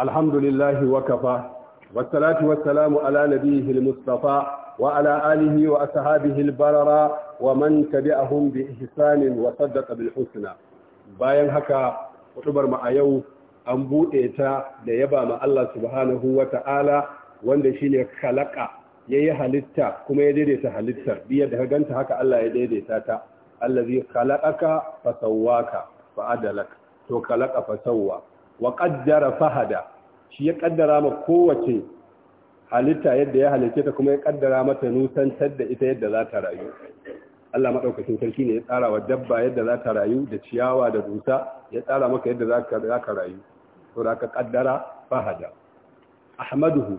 الحمد لله وكفى والصلاة والسلام على نبيه المصطفى وعلى آله وأصحابه البررى ومن تبعهم بإحسان وصدق بالحسنى bayan haka kutubar mu a yau an buɗe ta da yaba ma Allah subhanahu wa ta'ala wanda shine ya yi halitta kuma ya daidaita halittar biyar da ganta haka Allah ya daidaita ta allazi kalaka fasawwaka fa'adalaka to khalaqa fasawwa wa qaddara fahada shi ya ƙaddara ma kowace halitta yadda ya halice ta kuma ya ƙaddara mata nusantar da ita yadda za ta rayu Allah madaukakin sarki ne ya tsara wa dabba yadda za ta rayu da ciyawa da dusa ya tsara maka yadda za ka rayu to da ka ƙaddara fahada ahmaduhu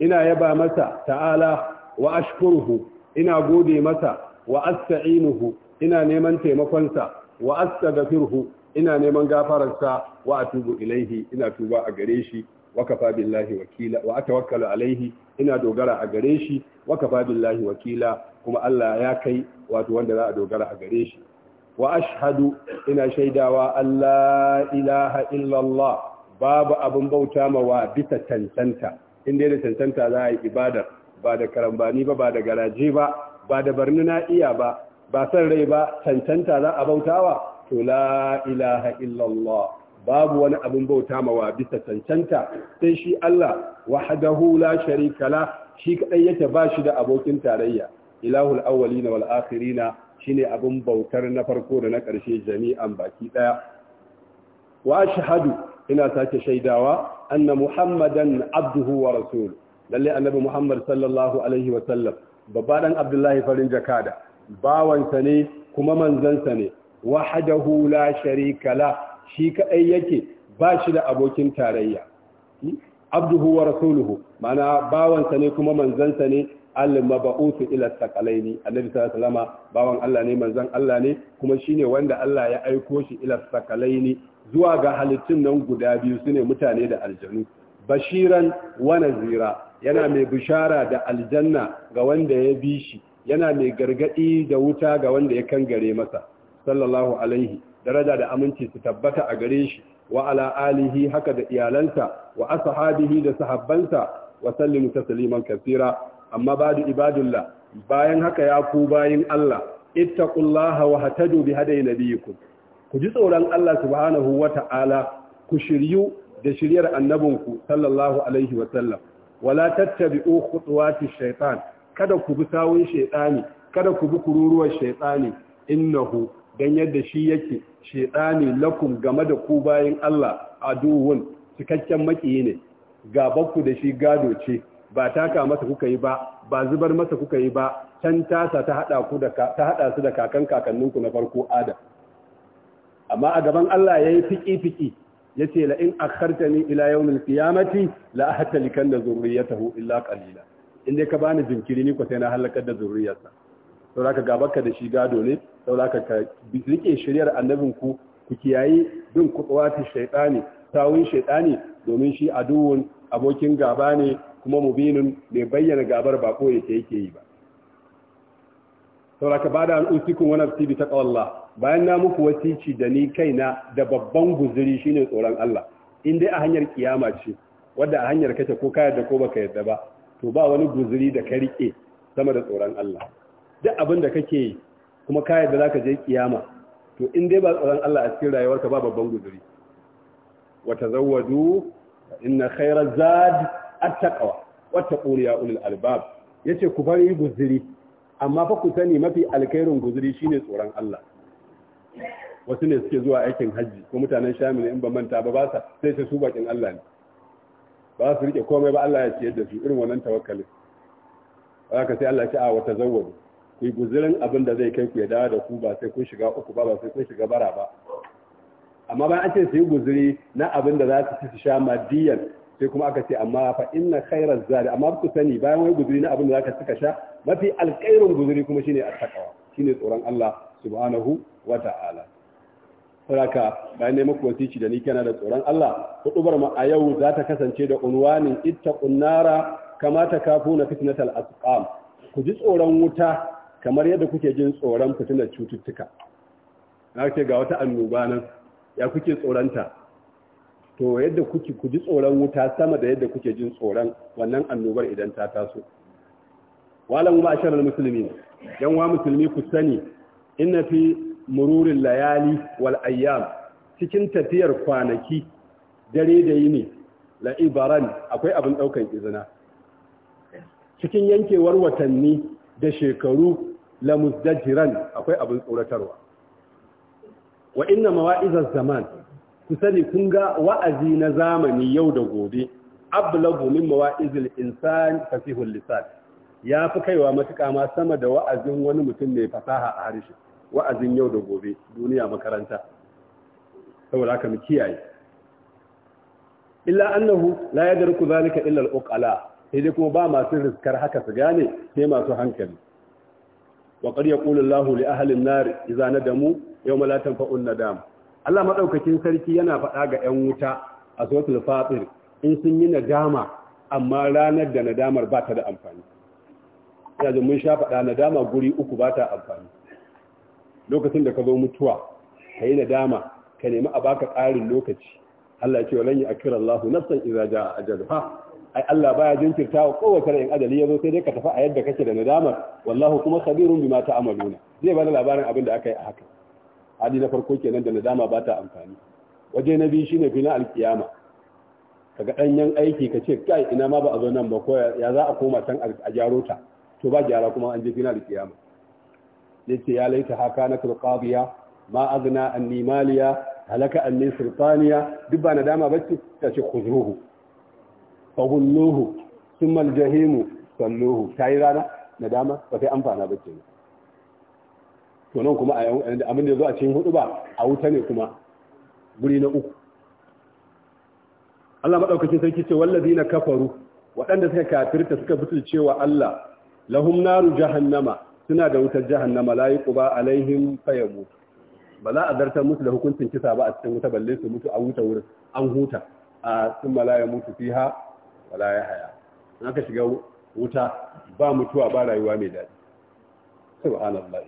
ina yaba masa ta'ala wa ashkuruhu ina gode masa wa asta'inuhu ina neman taimakonsa wa astaghfiruhu ina neman gafararsa wa atubu ilaihi ina tuba a gare shi wa kafa billahi wakila wa atawakkalu alaihi ina dogara a gare shi wa kafa billahi wakila kuma Allah ya kai wato wanda za a dogara a gare shi wa ashhadu ina shaidawa Allah ilaha illallah babu abin bauta wa bisa tantanta in dai da tantanta za a yi ibada ba da karambani ba ba da garaje ba ba da barni na iya ba ba san rai ba tantanta za a bautawa to la ilaha illallah babu wani abin bauta mawa bisa cancanta sai shi Allah wahdahu la sharika la shi kadai yake ba shi da abokin tarayya ilahul awwalina wal akhirina shine abin bautar na farko da na ƙarshe jami'an baki daya wa ashhadu ina sake shaidawa anna muhammadan abduhu wa rasul lalle annabi muhammad sallallahu alaihi wa sallam babba dan abdullahi farin jakada bawansa ne kuma manzansa ne wahdahu la sharika la shi kaɗai yake ba shi da abokin tarayya hmm? abduhu wa rasuluhu mana bawansa ne kuma manzansa ne allin mabuth ila thaqalaini annabi sallallahu alaihi wasallam bawan Allah ne manzan Allah ne kuma shine wanda Allah ya aiko shi ila ne zuwa ga halittun nan guda biyu sune mutane da aljanu bashiran wa nazira yana mai bishara da aljanna ga wanda ya bi shi yana mai gargaɗi da wuta ga wanda ya kangare masa sallallahu alaihi daraja da aminci su tabbata a gare shi wa ala alihi haka da iyalansa wa ashabihi da sahabbansa wa sallimu tasliman kaseera amma ba'du ibadullah bayan haka ya ku bayin Allah ittaqullaha wa hatadu bi hadayi nabiyikum ku ji tsoron Allah subhanahu wata'ala ku shiryu da shiryar annabinku sallallahu alaihi wa sallam wala tattabi'u khutuwati shaytan kada ku bi sawun shaytani kada ku bi kururuwar shaytani innahu don yadda shi yake shaidani lakum game da ku bayan Allah aduwun cikakken makiyi ne gabanku da shi gado ce ba taka masa kuka yi ba ba zubar masa kuka yi ba can tasa ta hada ku da ta hada su da kakan kakanninku na farko Adam amma a gaban Allah yayi fiki fiki yace la in akhartani ila yawmil qiyamati la ahtalikan da zurriyatahu illa qalila in dai ka bani jinkiri ni ko sai na halakar da zurriyarsa to zaka gabanka da shi gado ne saboda ka rike shiryar annabin ku ku kiyaye bin kutsawati shaytani tawun shaytani domin shi aduwun abokin gaba ne kuma mubinin mai bayyana gabar ba ko yake yake yi ba saboda ka bada al'usikun wani TV ta taqwallah bayan na muku wasici da ni kaina da babban guzuri shine tsoron Allah in dai a hanyar kiyama ce wadda a hanyar kace ko kayar da ko baka yarda ba to ba wani guziri da ka rike sama da tsoron Allah duk abin da kake kuma ka yadda za ka je kiyama to in dai ba tsoron Allah a cikin rayuwarka ba babban guduri. wata zawadu inna khairar zad attaqwa wata ƙuriya ulul albab yace ku bari guziri amma fa ku sani mafi alkairin guduri shine tsoron Allah wasu ne suke zuwa aikin hajji ko mutanen shamil in ba manta ba ba sa sai ta su bakin Allah ne ba su rike komai ba Allah ya ciyar da su irin wannan tawakkalin ba ka sai Allah ya ce a wata zawadu. ku yi guzirin abin da zai kai ku ya dawo da ku ba sai kun shiga uku ba ba sai kun shiga bara ba amma bayan an ce su yi guziri na abin da za su ci su sha madiyan sai kuma aka ce amma fa inna khairaz zadi amma ku sani bayan wai guziri na abin da za ka suka sha mafi alkhairun guziri kuma shine attaqwa shine tsoron Allah subhanahu wa ta'ala saraka bayan ne muku wasici da ni kana da tsoron Allah hudubar mu a yau za ta kasance da unwanin ittaqun nara kama kafuna fitnatal asqam ku ji tsoron wuta kamar yadda kuke jin tsoron fitinar cututtuka na ce ga wata annoba nan ya kuke tsoronta to yadda kuke ku ji tsoron wuta sama da yadda kuke jin tsoron wannan annobar idan ta taso walan ma sharar musulmi yan wa musulmi ku sani inna fi mururin layali wal ayyam cikin tafiyar kwanaki dare da yini la ibaran akwai abin daukan izina cikin yankewar watanni da shekaru la muzdajiran akwai abin tsoratarwa wa inna mawa'izaz zaman ku sani kun ga wa'azi na zamani yau da gobe ablagu min mawa'izil insan fasihul lisan ya fi kaiwa matuƙa ma sama da wa'azin wani mutum mai fasaha a harshe wa'azin yau da gobe duniya makaranta saboda haka mu kiyaye illa annahu la yadruku zalika illa al-uqala sai dai kuma ba masu riskar haka su gane sai masu hankali wa qad yaqulu Allahu li ahli an-nar idza nadamu yawma la tanfa'u nadam Allah madaukakin sarki yana faɗa ga 'yan wuta a suratul fatir in sun yi nadama amma ranar da nadamar ba ta da amfani yanzu mun sha faɗa nadama guri uku ba ta amfani lokacin da ka zo mutuwa ka yi nadama ka nemi a baka ƙarin lokaci Allah ya ce walan yi akira nafsan idza jaa ajalha ai Allah baya jinkirta wa kowace ran adali zo sai dai ka tafi a yadda kake da nadama wallahu kuma sabirun bima ta'maluna zai bada labarin abin da aka yi a haka hadi na farko kenan da nadama ba ta amfani waje na biyu shine bina alkiyama kaga danyen aiki kace kai ina ma ba a zo nan ba ko ya za a koma can a gyaro ta to ba gyara kuma an je fina alkiyama yace ya laita haka na turqabiya ma azna annimaliya, halaka anni duk ba nadama bace ce khuzruhu fahulluhu sun maljahimu salluhu ta yi rana na dama ba ta yi amfana ba ce to nan kuma abin da zo a cikin hudu ba a wuta ne kuma guri na uku Allah maɗaukacin sarki ce wallazi na kafaru waɗanda suka kafirta suka fitul cewa Allah lahum naru jahannama suna da wutar jahannama la ba alaihim fayyabu. ba za a zartar musu da hukuncin kisa ba a cikin wuta balle su mutu a wuta wurin an huta a sun malaya mutu fiha wala ya haya in aka shiga wuta ba mutuwa ba rayuwa mai daɗi subhanallahi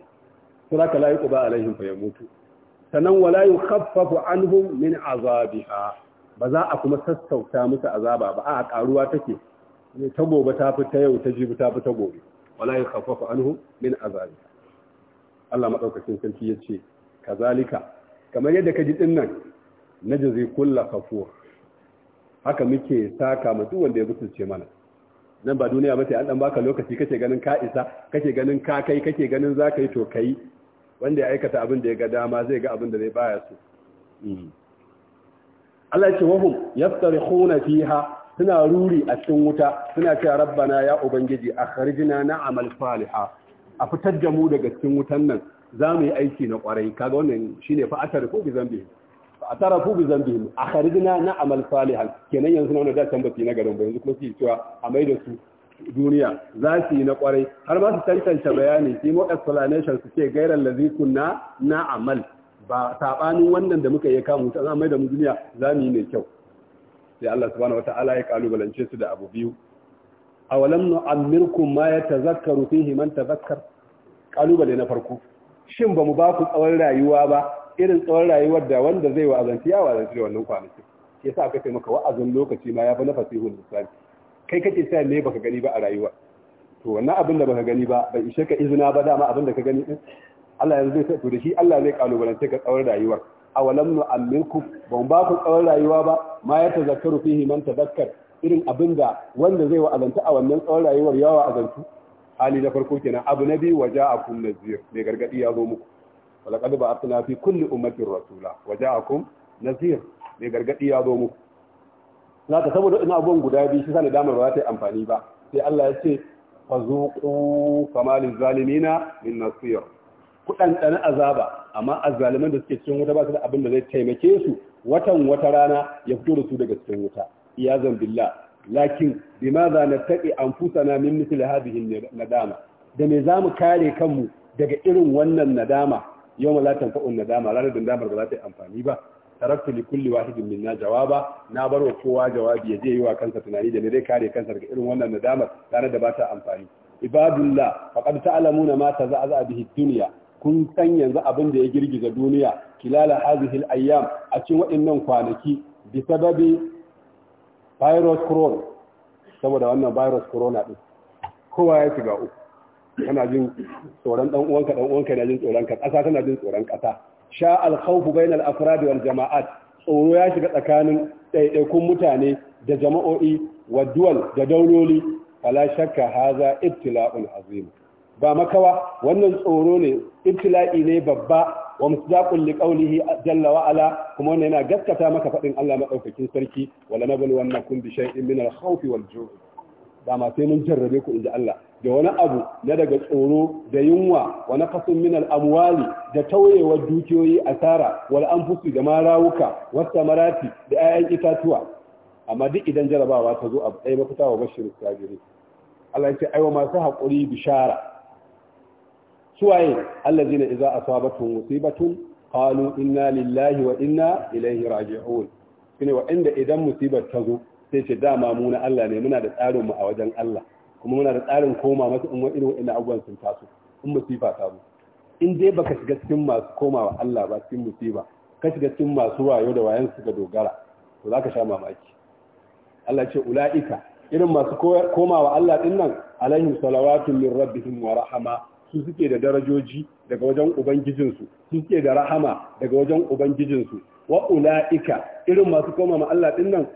to haka la yuqba alaihim fa yamutu sanan wala yukhaffafu anhum min azabiha ba za a kuma sassauta musu azaba ba a karuwa take ta gobe ta fi ta yau ta jibi ta fi ta gobe wala yukhaffafu anhum min azabiha Allah madaukakin sarki yace kazalika kamar yadda ka ji dinnan najzi kullu kafur haka muke saka mu duk wanda ya butulce mana nan ba duniya mace an dan baka lokaci kake ganin ka isa kake ganin ka kai kake ganin za ka yi to kai wanda ya aikata abin da ya ga dama zai ga abin da zai baya so mm. Allah ya ce wahum yaftarihuna fiha suna ruri a cikin wuta suna cewa rabbana ya ubangiji akhrijna na'mal salihah a fitar da mu daga cikin wutan nan za mu yi aiki na kwarai kaga wannan shine fa atar ko bi zambi atarafu bi zambihim akhrijna na amal salihan kenan yanzu na da can basi na garin ba yanzu kuma su cewa a mai da su duniya za su yi na kwarai har ma su tantance bayani shi mo explanation su ce gairan lazi na amal ba sabanin wannan da muka yi mu ta mai da mu duniya za mu yi mai kyau sai Allah subhanahu wataala ya kalubalance su da abu biyu awalam nu'ammirkum ma yatazakkaru fihi man tazakkar kalubale na farko shin ba mu ba ku tsawon rayuwa ba irin tsawon rayuwar da wanda zai wa'azanci ya wa'azanci da wannan kwanaki shi yasa aka ce maka wa'azin lokaci ma ya fi na fasihul lisani kai kake sa ne baka gani ba a rayuwa to wannan abin da baka gani ba bai ishe ka izina ba dama abin da ka gani din Allah yanzu zai to da shi Allah zai kalubalance ka tsawon rayuwar awalam nu'ammirkum ban ba ku tsawon rayuwa ba ma ya tazakkaru fihi man tadakkar irin abin da wanda zai wa'azanta a wannan tsawon rayuwar yawa azantu hali na farko kenan abu na biyu waja akum nazir mai gargadi ya zo muku walaqad suna fi kulle ummatin rasula kun Nasir mai gargadi ya zo mu na ta saboda ina abubuwan guda biyu shi sani damar ba za ta yi amfani ba sai Allah ya ce fazuqu famalil zalimina min nasir kudan dan azaba amma azzaliman da suke cikin wuta ba su da abin da zai taimake su watan wata rana ya fito da su daga cikin wuta iya zambilla lakin bimaza nattaqi anfusana min mithli hadhihi nadama da me za mu kare kanmu daga irin wannan nadama yawma la na nadama ranar damar ba za ta yi amfani ba taraktu li kulli wahidin minna jawaba na bar wa kowa jawabi ya je yi wa kansa tunani da ne zai kare kansa daga irin wannan nadamar ranar da ba ta amfani ibadullah faqad ta'lamuna ma taza'a bihi dunya kun san yanzu abin da ya girgiza duniya kilala hazihil ayyam a cikin waɗannan kwanaki bi sababi virus corona saboda wannan virus corona din kowa ya shiga uku kana jin tsoron dan uwanka dan uwanka yana jin tsoron ka ƙasa tana jin tsoron kasa sha al-khawfu bainal afrad wal jama'at tsoro ya shiga tsakanin ɗaiɗaikun mutane da jama'o'i wa duwal da dauloli fala shakka haza ibtila'un azim ba makawa wannan tsoro ne ibtila'i ne babba wa musdaqul liqawlihi jalla wa ala kuma wannan yana gaskata maka fadin Allah madaukakin sarki wala nabul wannakum bi shay'in min al-khawfi wal ju' dama sai mun jarrabe ku inda Allah da wani abu na daga tsoro da yunwa wa kasin min al-amwali da tauyewar dukiyoyi asara wal anfusi da marawuka was marati da ayan itatuwa amma duk idan jarabawa ta zo a tsaye mafita wa bashirin sabiri Allah ce aiwa masu haƙuri bishara suwaye iza a sabatun musibatun qalu inna lillahi wa inna ilaihi raji'un shine inda idan musibar ta zo sai ce dama mu na Allah ne muna da tsarin a wajen Allah kuma muna da tsarin koma masu in irin wa'in abubuwan sun taso in musifa ta zo in dai baka shiga cikin masu komawa Allah ba cikin musifa ka shiga cikin masu wayo da wayan su ga dogara to zaka sha mamaki Allah ce ula'ika irin masu komawa Allah din nan alaihim salawatun min rabbihim wa rahama su suke da darajoji daga wajen ubangijinsu su suke da rahama daga wajen ubangijinsu wa ula'ika irin masu komawa Allah din nan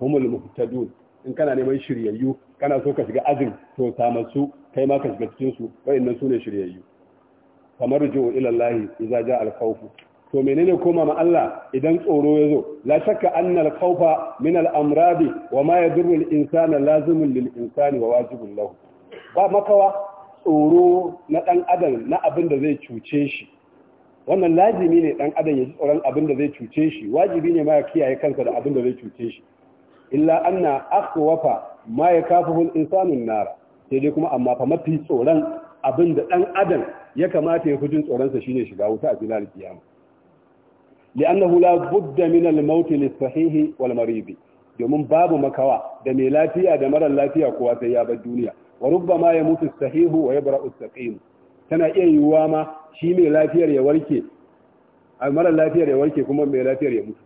humul muhtadun in kana neman shiryayyu kana so ka shiga azin to su kai ma ka shiga cikin su wayannan sune shiryayyu kamar ju'u ila Allah idza to menene koma ma Allah idan tsoro yazo la shakka anna al-khawfa min al-amradi wa ma yadurru al-insana lazimun lil-insani wa wajibun lahu ba makawa tsoro na dan adam na abin da zai cuce shi wannan lazimi ne dan adam ya ji tsoron abin da zai cuce shi wajibi ne ma ya kiyaye kansa da abin da zai cuce shi illa anna akhwafa ma ya hul insanun nara sai dai kuma amma fa mafi tsoron abin da dan adam ya kamata ya fujin tsoron sa shine shiga wuta a filal kiyama li'annahu la budda min al-maut lis-sahih wal marid domin babu makawa da mai lafiya da mara lafiya kowa sai ya bar duniya wa rubbama yamutu as-sahihu wa yabra'u as-saqim tana iya yiwuwa ma shi mai lafiyar ya warke a mara lafiyar ya warke kuma mai lafiyar ya mutu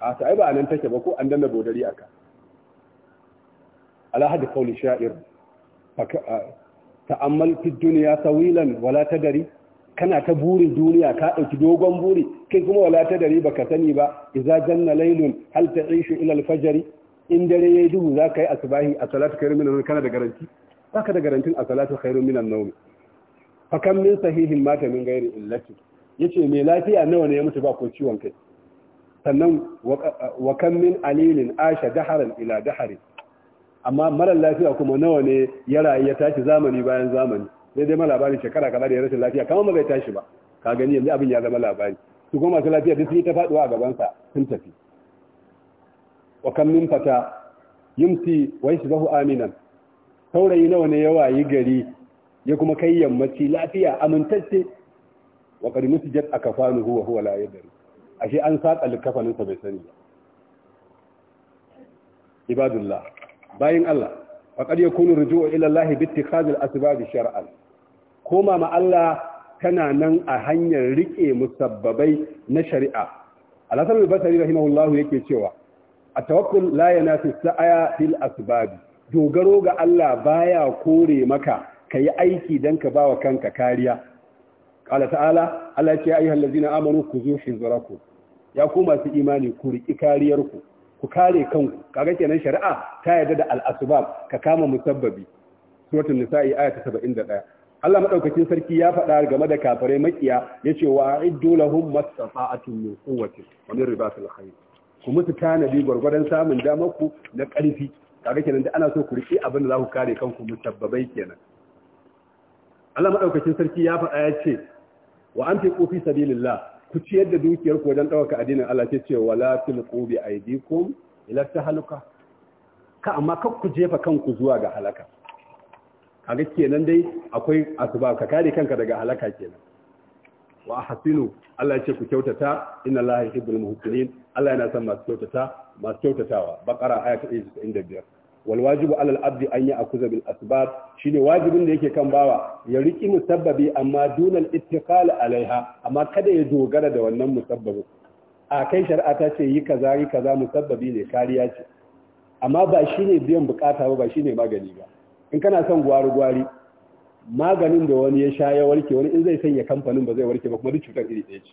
a ta ba a nan take ba ko an danna bodari aka ala hadi qawli sha'ir ta'ammal fi dunya tawilan wala tadari kana ta burin duniya ka dauki dogon buri kai kuma wala tadari baka sani ba idza janna laylun hal ta'ishu ila al-fajr in dare yayi duhu zaka yi asbahi a salatu khairun minan kana da garanti baka da garantin a salatu khairun minan nawm fa sahihin mata min ghairi illati yace mai lafiya nawa ne ya mutu ba ko ciwon kai sannan wa alilin asha daharan ila dahari amma marar lafiya kuma nawa ne ya rayu ya tashi zamani bayan zamani sai dai ma shekara kaza da ya rashin lafiya kamar ba tashi ba ka gani yanzu abin ya zama labari su kuma masu lafiya duk sun yi ta faduwa a gabansa sun tafi wa kan min fata yumsi wa yashbahu aminan saurayi nawa ne ya wayi gari ya kuma kai yammaci lafiya amintacce wa qad musjat akafanu huwa huwa la yadri ashe an saka likafanin sa bai sani ba ibadullah bayin Allah faqad yakunu ruju'u ila Allah bi ittikhadhi al-asbab shar'an koma ma Allah tana nan a hanyar rike musabbabai na shari'a al-hasan al-basri rahimahullahu yake cewa at-tawakkul la yanafi as-sa'a fil asbab dogaro ga Allah baya kore maka kayi aiki dan ka bawa kanka kariya qala ta'ala Allah ya ce ayyuhallazina amanu kuzu hizrakum ya ku masu imani ku riki kariyarku ku kare kanku kaga kenan shari'a ta yarda da al-asbab ka kama musabbabi suratul nisa'i aya ta 71 Allah madaukakin sarki ya faɗa game da kafare makiya yace wa a'iddu lahum mastata'atun min quwwatin wa min ribatil khayr ku mutu tanadi gurgurdan samun damar ku na ƙarfi kaga kenan da ana so ku riƙe abin da za ku kare kanku musabbabai kenan Allah madaukakin sarki ya faɗa yace wa anfiqu fi sabilillah ku ciyar da dukiyar ku wajen ɗaukar addinin Allah ta ce wala tulqu bi aydikum ila tahluka ka amma kar ku jefa kanku zuwa ga halaka kaga kenan dai akwai asuba ka kare kanka daga halaka kenan wa ahsinu Allah ya ce ku kyautata inna Allah yuhibbul muhsinin Allah yana son masu kyautata masu kyautatawa baqara ayat biyar. wal wajibu alal abdi an ya akuza bil asbab shine wajibin da yake kan bawa ya riki musabbabi amma dunal ittiqal alaiha amma kada ya dogara da wannan musabbabin a kai shari'a ta ce yi kaza yi kaza musabbabi ne kariya ce amma ba shine biyan bukata ba ba shine magani ba in kana son gwari gwari maganin da wani ya sha ya warke wani in zai sanya kamfanin ba zai warke ba kuma duk cutar iri ɗaya ce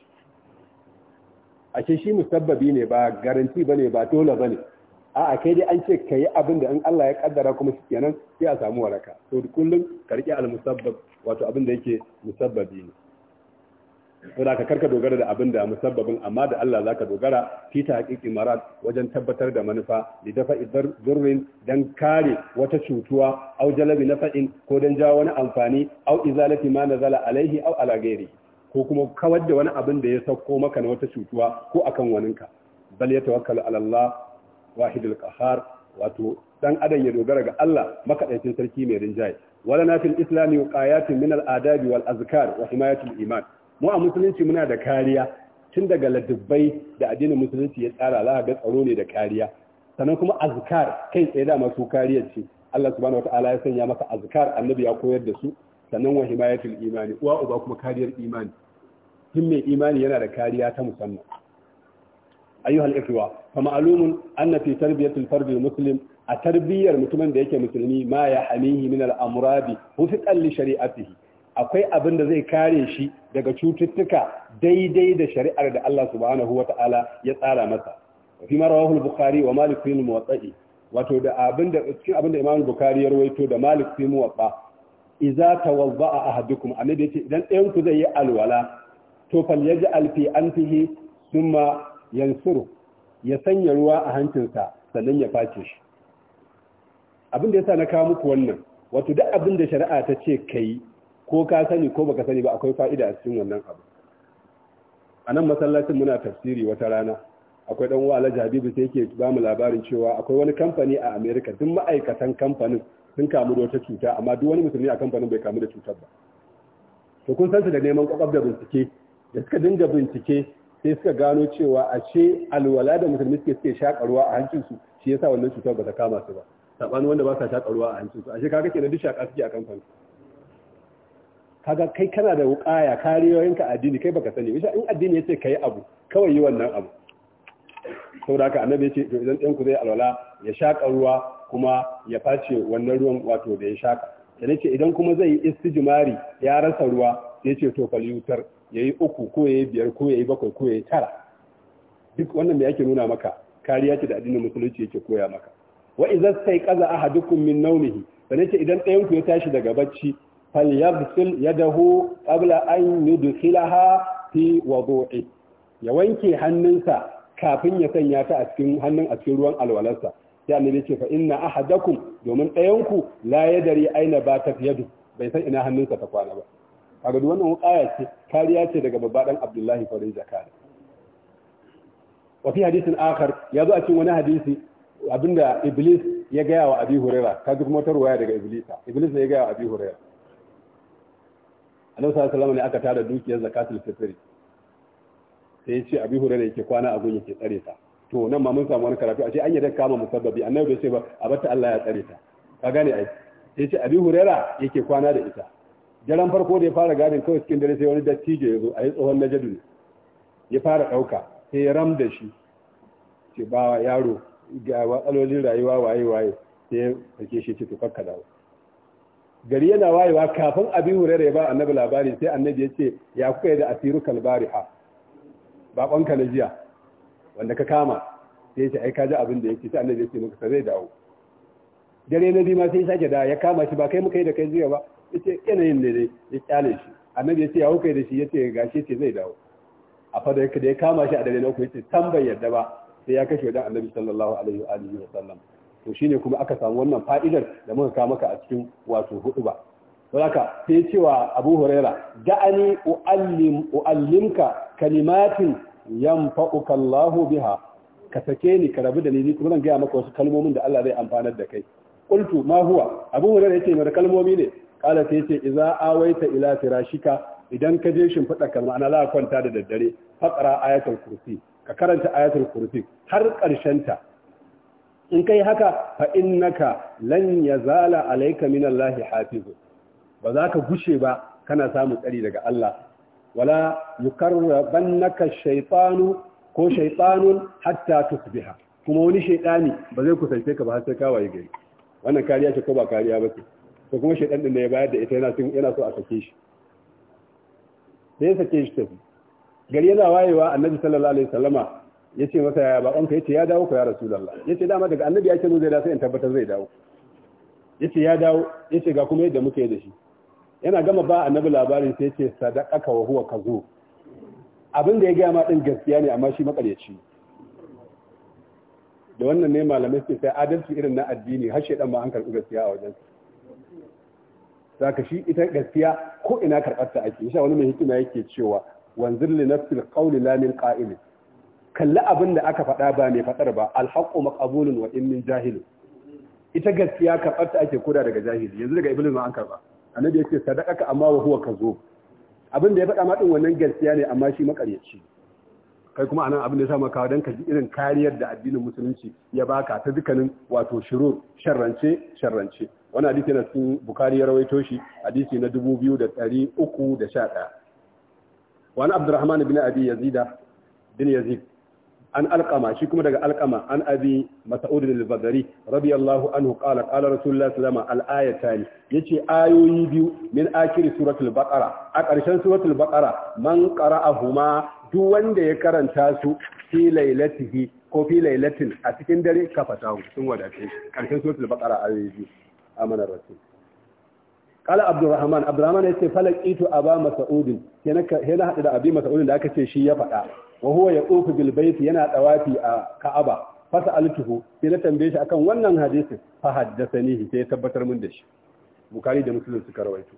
a ce shi musabbabi ne ba garanti ba ne ba dole ba ne a'a kai dai an ce ka yi abin da in Allah ya kaddara kuma kenan sai a samu waraka to kullum ka riƙe al-musabbab wato abin da yake musabbabi ne to da ka karka dogara da abin da musabbabin amma da Allah zaka dogara fi ta haƙiƙi marat wajen tabbatar da manufa li dafa durrin dan kare wata cutuwa aw jalabi nafa'in ko dan jawo wani amfani au izalati ma nazala alaihi au ala ghairi ko kuma kawar da wani abin da ya sauko maka na wata cutuwa ko akan waninka bal ya tawakkalu ala Allah wahidul qahar wato dan adam ya dogara ga Allah makadaicin sarki mai rinjaye wala na fil islam yuqayatun min al adabi wal azkar wa himayatul iman mu a musulunci muna da kariya tun daga ladubbai da addinin musulunci ya tsara la ga tsaro ne da kariya sannan kuma azkar kai tsaye da masu kariyar ce Allah subhanahu wataala ya sanya maka azkar annabi ya koyar da su sannan wa himayatul imani uwa uba kuma kariyar imani mai imani yana da kariya ta musamman ayyuhal ikhwa fa ma'lumun anna fi tarbiyatil fard muslim a tarbiyyar mutumin da yake musulmi ma ya hamihi min al-amradi hufiqan li shari'atihi akwai abin da zai kare shi daga cututtuka daidai da shari'ar da Allah subhanahu ta'ala ya tsara masa fi ma rawahu al-bukhari wa malik fi al-muwatta'i wato da abin da cikin abin da imam bukhari ya rawaito da malik fi muwatta idza tawadda'a ahadukum annabi yace idan ɗayan ku zai yi alwala to fal yaj'al fi anfihi thumma yansuru ya sanya ruwa a hancinsa sannan ya face shi abin da ya sa na kawo muku wannan wato duk abin da shari'a ta ce kai ko ka sani ko baka sani ba akwai fa'ida a cikin wannan abu a nan masallacin muna tafsiri wata rana akwai dan uwa Alhaji Habibu sai yake ba mu labarin cewa akwai wani kamfani a America duk ma'aikatan kamfanin sun kamu da wata cuta amma duk wani musulmi a kamfanin bai kamu da cutar ba to kun san su da neman kwakwab da bincike da suka dinga bincike sai suka gano cewa a ce alwala da musulmi suke suke shakarwa a hancinsu shi yasa wannan cutar ba ta kama su ba sabanin wanda ba sa shakarwa a hancinsu a shekara na duk shaka suke a kan kansu kaga kai kana da wuƙaya ka addini kai baka sani bisa in addini yace kai abu kawai yi wannan abu saboda haka annabi yace to idan ɗanku zai alwala ya shakarwa ruwa kuma ya face wannan ruwan wato da ya shaka sai ce idan kuma zai yi istijmari ya rasa ruwa sai ce to fal yutar ya yi uku ko ya yi biyar ko ya yi bakwai ko ya yi tara duk wannan da yake nuna maka kariya ce da addinin musulunci yake koya maka wa idza qaza ahadukum min nawmihi sanin ce idan ɗayan ku ya tashi daga bacci falyaghsil yadahu qabla an yudkhilaha fi wudu'i ya wanke hannunsa kafin ya sanya ta a cikin hannun a cikin ruwan alwalarsa sai annabi ce fa inna ahadakum domin ɗayan ku la yadari aina ba ta yadu bai san ina hannunsa ta kwana ba kaga duk wannan wukaya ce kariya ce daga babban Abdullahi farin zakari wafi fi akar ya zo a cikin wani hadisi abinda Iblis ya gaya wa Abi Hurera, ka zuk ta ruwaya daga Iblis Iblis ne ya gaya wa Abi hurera Annabi sallallahu alaihi wasallam ne aka tara dukiyar zakatul fitri sai ya ce Abi Hurera yake kwana a gun yake tsare ta to nan ma mun samu wani karatu a ce an yi kama musabbabi annabi bai ce ba a bata Allah ya tsare ta ka gane ai sai ce abi Hurera yake kwana da ita daren farko da ya fara gadin kawai cikin dare sai wani dattijo ya zo a yi tsohon na jadu ya fara ɗauka sai ya ram da shi ce ba yaro ga matsalolin rayuwa waye waye sai ya sake shi ce tukar dawo gari yana wayewa kafin abin hurare ba annabi labari sai annabi ya ce ya kuka yi da asiru kalbari ha baƙonka na jiya wanda ka kama sai ya ce ai ka ji abin da ya ce sai annabi ya ce muka sai zai dawo dare na biyu ma sai ya sake da ya kama shi ba kai muka yi da kai jiya ba yace yanayin ne ya kyale shi annabi yace ya hukai da shi yace gashi ce zai dawo a fada yake da ya kama shi a dare na uku yace san bai yarda ba sai ya kashe wajen annabi sallallahu alaihi wa alihi wa sallam to shine kuma aka samu wannan fa'idar da muka kawo maka a cikin wato hudu ba saboda sai cewa Abu Huraira da'ani uallim uallimka kalimatin yanfa'uka Allahu biha ka sake ni ka rabu da ni kuma zan gaya maka wasu kalmomin da Allah zai amfana da kai qultu ma huwa Abu Huraira yace mai kalmomi ne qala sai yace idza awaita ila firashika idan ka je shimfiɗa ka ma'ana za kwanta da daddare faƙara ayatul kursi ka karanta ayatul kursi har ƙarshen ta in kai haka fa innaka lan yazala alayka min lahi hafizu ba za ka gushe ba kana samun tsari daga Allah wala yukarrabannaka shaytanu ko shaytanun hatta tusbiha kuma wani shaytani ba zai kusance ka ba har sai ka waye gari wannan kariya ce ko ba kariya ba ce to kuma shaidan din da ya bayar da ita yana yana so a sake shi sai ya sake shi tafi gari yana wayewa annabi sallallahu alaihi wasallama ya ce masa ya baƙonka ya ce ya dawo ka ya rasulallah ya ce dama daga annabi ya ce zai dawo sai in tabbatar zai dawo ya ce ya dawo ya ce ga kuma yadda muke da shi yana gama ba annabi labarin sai ya ce sadaqaka wa huwa kazo abin da ya gaya ma din gaskiya ne amma shi makaryaci da wannan ne malamai suke sai adalci irin na addini har shedan ma an karɓi gaskiya a wajen zaka shi ita gaskiya ko ina karɓar ta ake yasa wani mai hikima yake cewa wanzir li nafsil qawli la min qa'il kalli abin da aka faɗa ba mai faɗar ba alhaqqu maqbulun wa in min jahil ita gaskiya karɓar ta ake koda daga jahili yanzu daga iblis ma an karɓa annabi yace sadaqaka amma wa huwa kazo abin da ya faɗa ma din wannan gaskiya ne amma shi makaryaci kai kuma anan abin da ya sa maka dan ka ji irin kariyar da addinin musulunci ya baka ta dukkanin wato shurur sharrance sharrance wani hadisi na cikin bukari ya rawaito shi hadisi na 2311 wani abdurrahman bin abi yazida bin yazid an alqama shi kuma daga alqama an abi mas'ud al-badri radiyallahu anhu qala qala rasulullah sallallahu alaihi wasallam al-ayatan yace ayoyi biyu min akhir suratul baqara a ƙarshen suratul baqara man qara'ahuma duk wanda ya karanta su fi lailatihi ko fi lailatin a cikin dare ka sun wadace ƙarshen suratul baqara ayoyi biyu amana rasul kala abdurrahman abdurrahman yace falaqitu aba mas'ud yana yana hadu da abi mas'ud da aka ce shi ya faɗa wa huwa yaqufu bil bayt yana tawafi a ka'aba fasa altuhu sai na tambaye shi akan wannan hadisin fa haddathani sai ya tabbatar min da shi bukari da muslim suka rawaito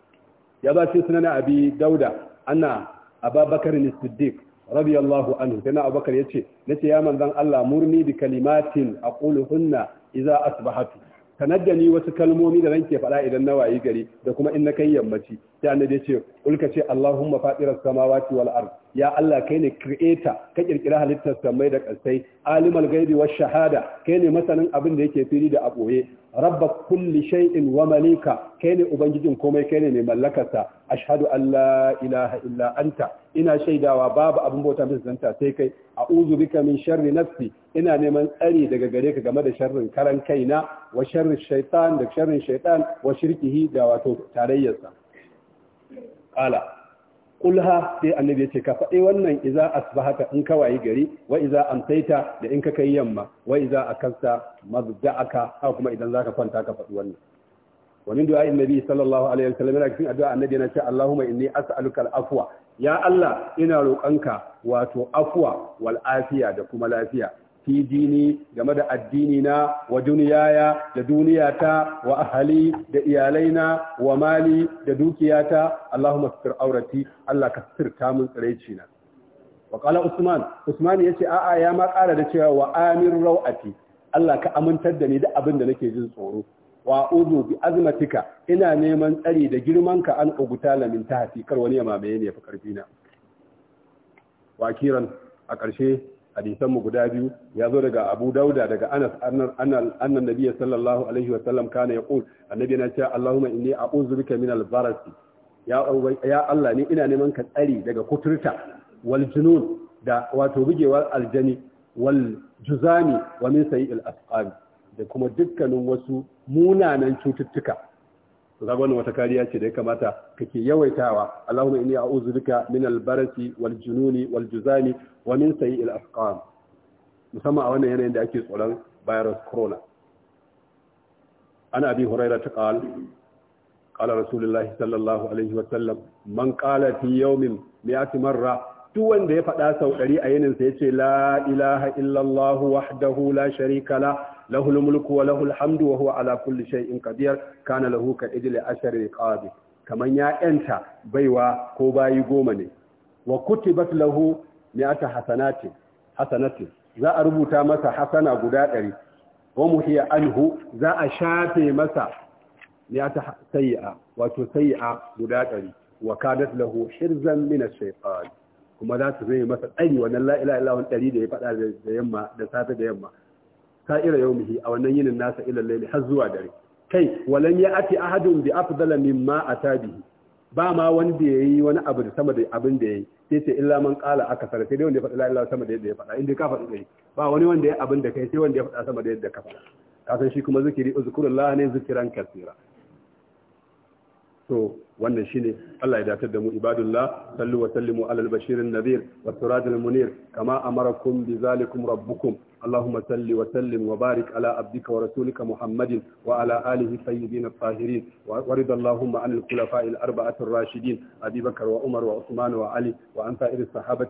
ya ba shi sunana abi dauda anna ababakar as-siddiq radiyallahu anhu sai na abubakar yace nace ya manzon Allah murni bi kalimatin aquluhunna idza asbahatu ka da ni wasu kalmomi da ranke faɗa idan na wayi gari da kuma in na kai yammaci sai annabi ya ce ulka ce Allahumma fatiras samawati wal ard ya Allah kai ne creator ka kirkira halittar samai da kasai alimul ghaibi wash shahada kai ne masanin abin da yake fili da aboye rabba kulli shay'in wa malika kai ne ubangijin komai kai ne mai mallakarsa ashhadu an la ilaha illa anta ina shaidawa babu abin bauta mai zanta sai kai a'udhu bika min sharri nafsi ina neman tsari daga gare ka game da sharrin karan kaina wa sharri shaytan da sharrin shaytan wa shirkihi da wato tarayyarsa qala kulha sai annabi ya ce ka faɗi wannan iza asbahaka in ka wayi gari wa iza amsaita da in ka kai yamma wa iza akasta mabda'aka haka kuma idan zaka kwanta ka faɗi wannan wa min du'a annabi sallallahu alaihi wasallam yana cikin addu'a annabi yana cewa Allahumma inni as'aluka al-afwa ya Allah ina roƙonka wato afwa wal afiya da kuma lafiya fi dini game da addini na wa duniyaya da duniyata wa ahali da iyalaina wa mali da dukiyata Allahumma sitir aurati Allah ka sitirta mun tsiraici na wa qala usman usman yace a'a ya ma da cewa wa amin rawati Allah ka amintar da ni da abin da nake jin tsoro wa uzu bi azmatika ina neman tsari da girmanka an uguta lamin tahti kar wani ya mamaye ne ya fi karfi na wakiran a ƙarshe hadisan mu guda biyu ya zo daga Abu Dauda daga Anas annan nabi sallallahu alaihi wa sallam kana ya qul annabi na cewa Allahumma inni a'udhu bika min al baras ya Allah ni ina neman ka tsari daga kuturta wal junun da wato bugewar aljani wal juzami wa min al asqam da kuma dukkanin wasu munanan cututtuka ga wannan wata kariya ce da ya kamata kake yawaitawa Allahumma inni a'udhu bika min al-barasi wal jununi wal juzani wa sayi sayyi'il asqam musamman a wannan yanayin da ake tsoron virus corona ana bi huraira ta qal qala rasulullahi sallallahu alaihi wa sallam man qala fi yawmin mi'ati marra duk wanda ya faɗa sau ɗari a yinin sa yace la ilaha illallah wahdahu la sharika la lahu mulku wa lahu alhamdu wa huwa ala kulli shay'in qadir kana lahu ka ijli ashar riqabi kaman ya yanta baiwa ko bayi goma ne wa kutibat lahu mi'ata hasanatin hasanatin za a rubuta masa hasana guda ɗari wa muhiya anhu za a shafe masa mi'ata sayi'a wato sayi'a guda ɗari wa kadat lahu hirzan min ash-shaytan kuma za su zai masa tsari wannan la ilaha ɗari da ya faɗa da yamma da safe da yamma sa'ira yawmihi a wannan yinin nasa ila layli har zuwa dare kai walan ya ati ahadun bi afdala mimma ata ba ma wanda yayi wani abu da sama da abin da yayi sai ce illa man kala aka sara sai dai wanda ya faɗi la sama da yadda ya faɗa inda ka faɗi dai ba wani wanda ya abin da kai sai wanda ya faɗa sama da yadda ka faɗa kasan shi kuma zikiri uzkurullah ne zikiran kasira to wannan shine Allah ya datar da mu ibadullah sallu wa sallimu ala al-bashir an-nadhir wa siraj al-munir kama amarakum bi zalikum rabbukum Allahumma salli wa sallim wa barik ala abdika wa rasulika Muhammadin wa ala alihi sayyidin at-tahirin wa rida Allahumma an al-khulafa'i al-arba'ati rashidin Abi Bakr wa Umar wa Uthman wa Ali wa an sa'ir as wa at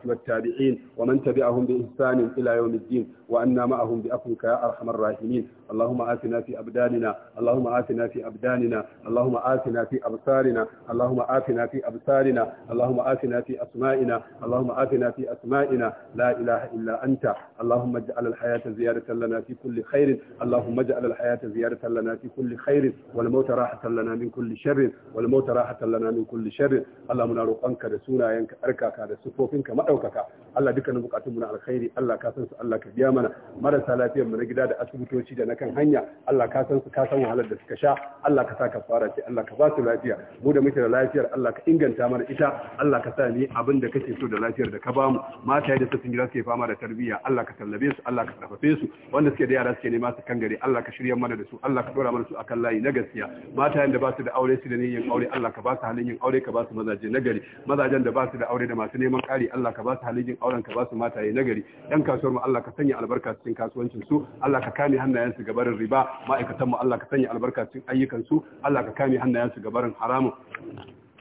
wa man tabi'ahum bi ihsan ila yawm ad-din wa anna ma'ahum bi afwika ya rahimin Allahumma atina fi abdanina Allahumma atina fi abdanina Allahumma atina fi absarina Allahumma atina آتنا في أبصارنا اللهم آتنا في أسمائنا اللهم آتنا في أسمائنا لا إله إلا أنت اللهم اجعل الحياة زيادة لنا في كل خير اللهم اجعل الحياة زيادة لنا في كل خير والموت راحة لنا من كل شر والموت راحة لنا من كل شر اللهم نروقنك رسولا ينك أركاك رسفوفنك مأوكك الله دك نبقاتمنا على الخير الله كاسنس الله كبيامنا مرسى لا تيمنا قداد أسبوتوشي da na kan hanya Allah ka san su ka san wahalar da suka sha Allah ka sa ka fara ce Allah ka ba su lafiya mu da muke da lafiyar Allah Allah ka inganta mana ita Allah ka sa ni abin da kake so da lafiyar da ka ba mu mata da su gida suke fama da tarbiyya Allah ka tallabe su Allah ka tsafafe su wanda suke da yara suke nema su kan Allah ka shirya mana da su Allah ka dora mana su akan layi na gaskiya mata da ba su da aure su da niyyar aure Allah ka ba su halin yin aure ka ba su mazaje na gari mazajen da ba su da aure da masu neman ƙari Allah ka ba su halin yin auren ka ba su mataye na gari yan kasuwar mu Allah ka sanya albarka cikin kasuwancin su Allah ka kame hannayen su gabarin riba ma'aikatan mu Allah ka sanya albarka cikin ayyukan su Allah ka kame hannayen su gabarin haramun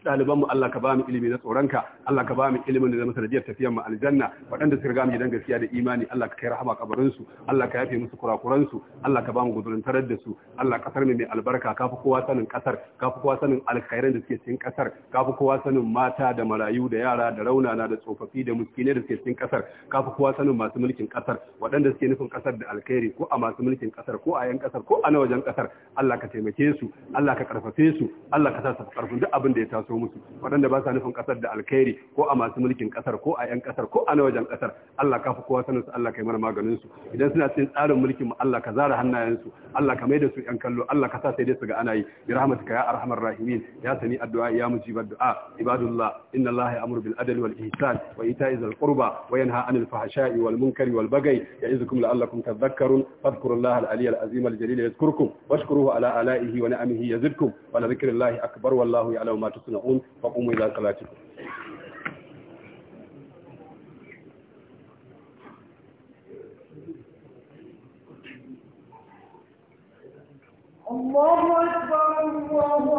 Ɗalibanmu Allah ka ba mu ilimi na tsoronka Allah ka ba mu ilimin da zama sanadiyar tafiyar mu aljanna waɗanda suka gamu gidan gaskiya da imani Allah ka kai rahama kabarin su Allah ka yafe musu kurakuran su Allah ka ba mu gudurin tarar da su Allah kasar mu mai albarka kafi kowa sanin kasar kafi kowa sanin alkhairan da suke cikin kasar kafi kowa sanin mata da marayu da yara da raunana da tsofaffi da miskinai da suke cikin kasar kafi kowa sanin masu mulkin kasar waɗanda suke nufin kasar da alkhairi ko a masu mulkin kasar ko a yan kasar ko a na wajen kasar Allah ka taimake su Allah ka karfafe su Allah ka sa su karfin duk abin da ya taso musu waɗanda ba sa nufin ƙasar da alkhairi ko a masu mulkin ƙasar ko a 'yan ƙasar ko a na wajen ƙasar Allah ka fi kowa sanin su Allah ka yi mana maganin su idan suna cikin tsarin mulkin mu Allah ka zara hannayen su Allah ka mai da su 'yan kallo Allah ka sa sai dai su ga ana yi bi rahmatika ya arhamar rahimin ya sani addu'a ya mujibar du'a ibadullah inna Allah amuru bil adli wal ihsan wa ita'i izal qurba wa yanha 'anil fahsha'i wal munkari wal bagai ya'izukum la'allakum tadhakkarun fadhkurullaha al aliyyal azim al jalil yadhkurkum washkuruhu ala ala'ihi wa ni'amihi yazidkum wa la dhikrillahi akbar wallahu ya'lamu ma tusna'un تشاءون فقوموا إلى صلاتكم الله أكبر الله أكبر